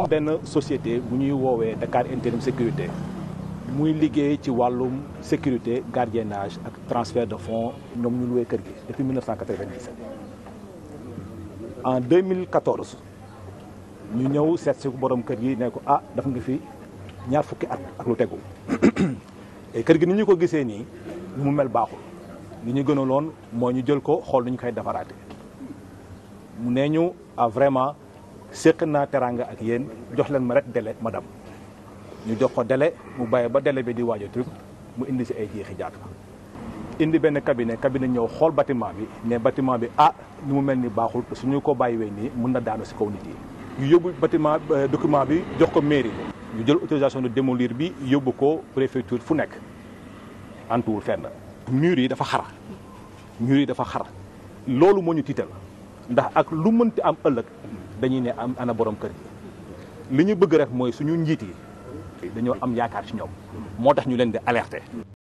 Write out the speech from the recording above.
am benn société bu ñuy woowee Dakar Intérim Sécurité muy liggéey ci wàllum sécurité gardiennage ak transfert de fonds ñoom ñu luwee kër gi depuis 1997 en 2014 ñu ñëw seet si borom kër gi ne ko ah daf nga fi ñaar fukki at ak lu tegu et kër gi ni ñu ko gisee nii lu mu mel baaxul li ñu gënaloon moo ñu jël ko xool nu ñu koy defaraate mu nee ñu ah vraiment séq naa teraanga ak yéen jox leen ma rek délai ma dem ñu jox ko délai mu bàyyi ba délai bi di waaj a mu indi si ay jeexi jaat indi benn cabinet cabinet ñëw xool bâtiment bi ne bâtiment bi ah ñu mu mel ni baaxul te suñu ko bàyyiwee nii mun na daanu si kaw nit yi. ñu yóbbu bâtiment euh, document bi jox ko mairie ñu jël autorisation de démolir bi yóbbu ko préfecture fu nekk antuwul fenn. mur yi dafa xar mur yi dafa xar loolu moo ñu tiital ndax ak lu mënti am ëllëg. dañuy ne am ana borom kër li ñu bëgg rek mooy suñu njiit yi dañoo am yaakaar ci ñoom moo tax ñu leen di alerter